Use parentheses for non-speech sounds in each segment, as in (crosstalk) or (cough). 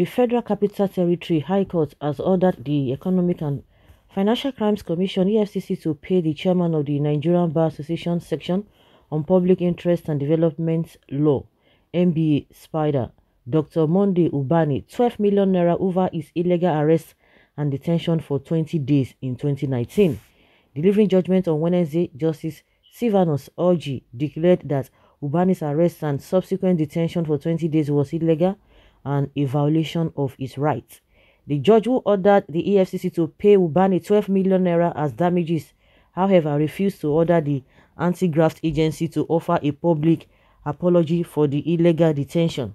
The Federal Capital Territory High Court has ordered the Economic and Financial Crimes Commission EFCC to pay the chairman of the Nigerian Bar Association section on Public Interest and Development Law, MBA Spider, Dr. Monday Ubani, 12 million naira over his illegal arrest and detention for 20 days in 2019. Delivering judgment on Wednesday, Justice Sivanos Orji declared that Ubani's arrest and subsequent detention for 20 days was illegal and a violation of his rights. The judge who ordered the EFCC to pay Ubani 12 million naira as damages, however, refused to order the anti-graft agency to offer a public apology for the illegal detention.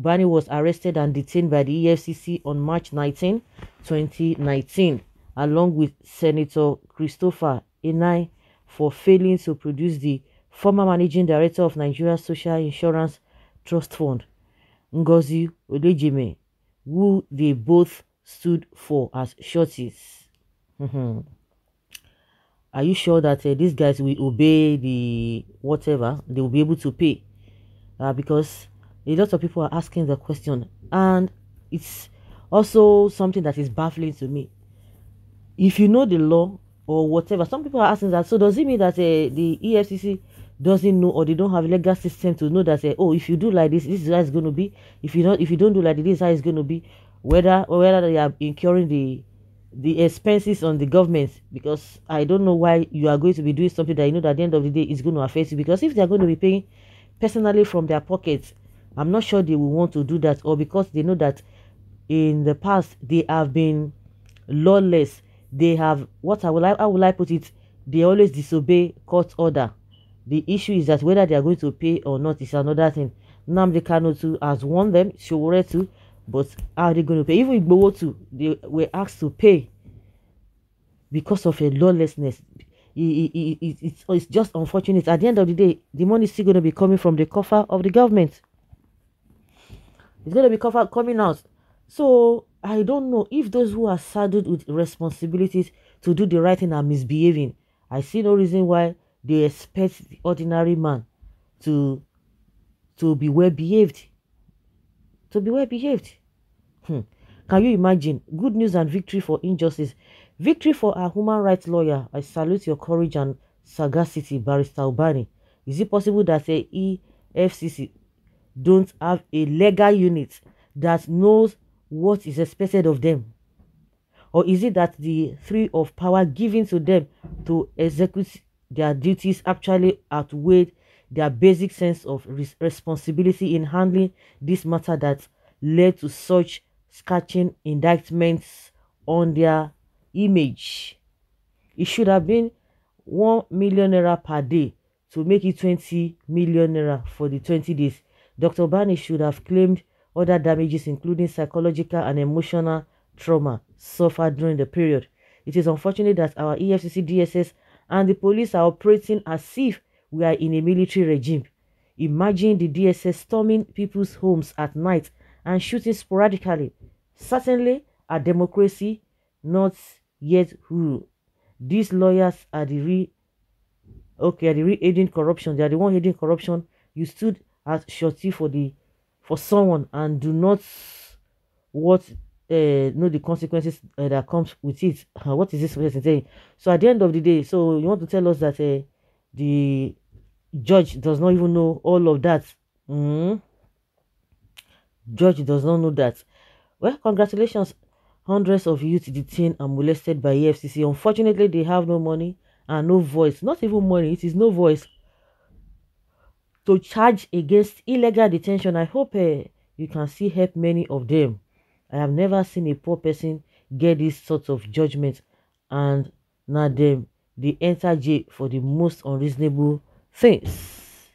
Ubani was arrested and detained by the EFCC on March 19, 2019, along with Senator Christopher Enai for failing to produce the former managing director of Nigeria's Social Insurance Trust Fund Ngozi Odejime, who they both stood for as shorties. Hmm. Are you sure that uh, these guys will obey the whatever? They will be able to pay uh, because a lot of people are asking the question, and it's also something that is baffling to me. If you know the law or whatever, some people are asking that. So does it mean that uh, the EFCC doesn't know or they don't have legal system to know that say, oh, if you do like this, this is how it's going to be. If you don't, if you don't do like this, this is how it's going to be. Whether whether they are incurring the the expenses on the government because I don't know why you are going to be doing something that you know that at the end of the day is going to affect you because if they are going to be paying personally from their pockets, I'm not sure they will want to do that or because they know that in the past they have been lawless. They have what I will I how will I put it? They always disobey court order the issue is that whether they are going to pay or not is another thing. Namdi Kano too has warned them, Showore too, but are they going to pay? Even Igbowo too, they were asked to pay because of a lawlessness. It, it, it, it's, it's just unfortunate. At the end of the day, the money is still going to be coming from the coffer of the government. It's going to be cover, coming out. So I don't know if those who are saddled with responsibilities to do the right thing are misbehaving. I see no reason why they expect the ordinary man to to be well behaved. To be well behaved. Hmm. Can you imagine? Good news and victory for injustice. Victory for a human rights lawyer. I salute your courage and sagacity, Barrister Ubani. Is it possible that the EFCC don't have a legal unit that knows what is expected of them? Or is it that the three of power given to them to execute their duties actually outweighed their basic sense of res- responsibility in handling this matter that led to such scathing indictments on their image. It should have been 1 million naira per day to make it 20 million naira for the 20 days. Dr. Bani should have claimed other damages, including psychological and emotional trauma suffered during the period. It is unfortunate that our EFCC DSS and the police are operating as if we are in a military regime. Imagine the DSS storming people's homes at night and shooting sporadically. Certainly, a democracy not yet rule. These lawyers are the re. okay, are the re aiding corruption. They are the one aiding corruption. You stood at shorty for the, for someone and do not what uh, know the consequences uh, that comes with it. Uh, what is this person saying? So at the end of the day, so you want to tell us that uh, the judge does not even know all of that. Mm? Judge does not know that. Well, congratulations, hundreds of youth detained and molested by EFCC. Unfortunately, they have no money and no voice. Not even money. It is no voice to charge against illegal detention. I hope uh, you can see help many of them. I have never seen a poor person get these sorts of judgment and now them they enter jail for the most unreasonable things.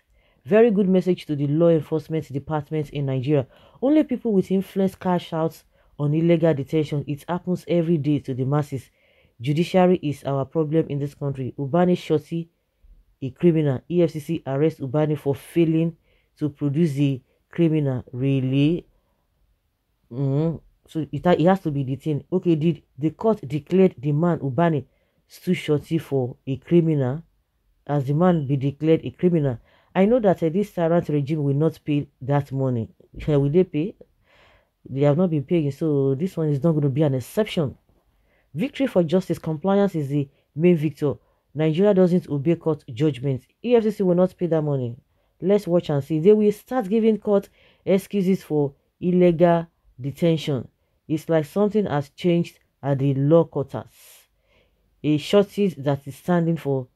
Very good message to the law enforcement department in Nigeria. Only people with influence cash out on illegal detention. It happens every day to the masses. Judiciary is our problem in this country. Ubani Shoti, a criminal. EFCC arrest Ubani for failing to produce the criminal. Really? Mm, so it, it has to be detained. Okay, did the court declared the man Ubani too shorty for a criminal? As the man be declared a criminal? I know that uh, this tyrant regime will not pay that money. (laughs) will they pay? They have not been paying, so this one is not going to be an exception. Victory for justice. Compliance is the main victor. Nigeria doesn't obey court judgments. EFCC will not pay that money. Let's watch and see. They will start giving court excuses for illegal detention. It's like something has changed at the law quarters. A shortage that is standing for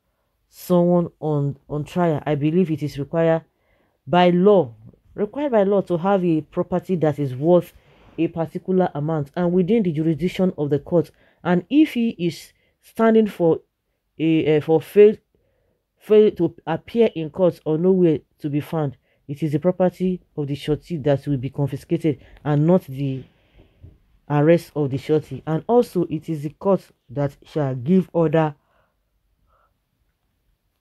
someone on, on trial. I believe it is required by law, required by law to have a property that is worth a particular amount and within the jurisdiction of the court. And if he is standing for a uh, for fail, fail to appear in court or nowhere to be found, it is the property of the shorty that will be confiscated and not the arrest of the shorty and also it is the court that shall give order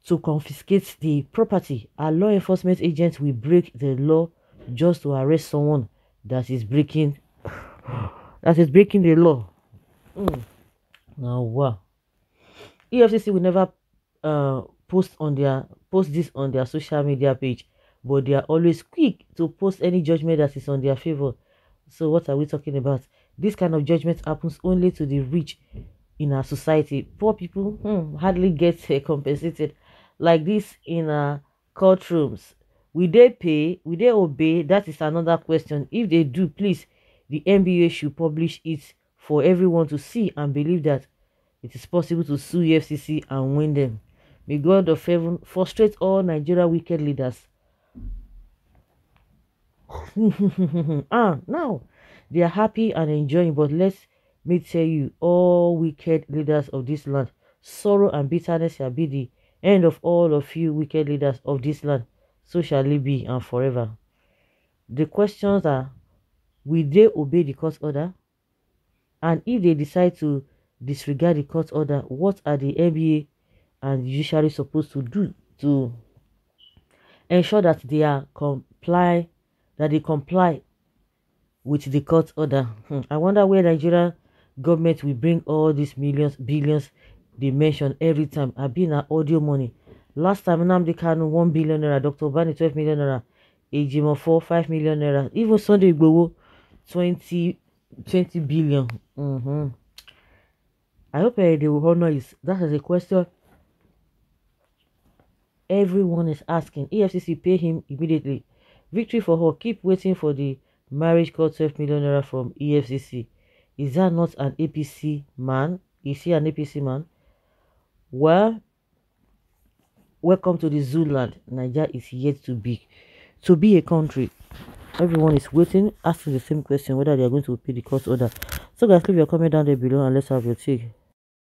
to confiscate the property a law enforcement agent will break the law just to arrest someone that is breaking (sighs) that is breaking the law mm. now wow efcc will never uh, post on their post this on their social media page but they are always quick to post any judgment that is on their favor so what are we talking about This kind of judgment happens only to the rich in our society. Poor people hmm, hardly get uh, compensated like this in our courtrooms. Will they pay? Will they obey? That is another question. If they do, please, the NBA should publish it for everyone to see and believe that it is possible to sue FCC and win them. May God of heaven frustrate all Nigeria wicked leaders. (laughs) ah, now they are happy and enjoying, but let me tell you, all wicked leaders of this land, sorrow and bitterness shall be the end of all of you wicked leaders of this land. So shall it be and forever. The questions are, will they obey the court order? And if they decide to disregard the court order, what are the NBA and judiciary supposed to do to ensure that they are comply that they comply with the court order. Hmm. I wonder where Nigeria government will bring all these millions, billions they mention every time. I've been at audio money. Last time, Namdi Kanu, 1 billion naira. Dr. Bani, 12 million naira. four 5 million naira. Even Sunday Igbowo, 20, 20 billion. Mm-hmm. I hope uh, they will honor is that is a question everyone is asking. EFCC pay him immediately. Victory for her. Keep waiting for the marriage cost 12 million naira from EFCC. Is that not an APC man? Is he an APC man? Well, welcome to the Zooland. Nigeria is yet to be to be a country. Everyone is waiting, asking the same question whether they are going to pay the court order. So guys, leave your comment down there below and let's have your take.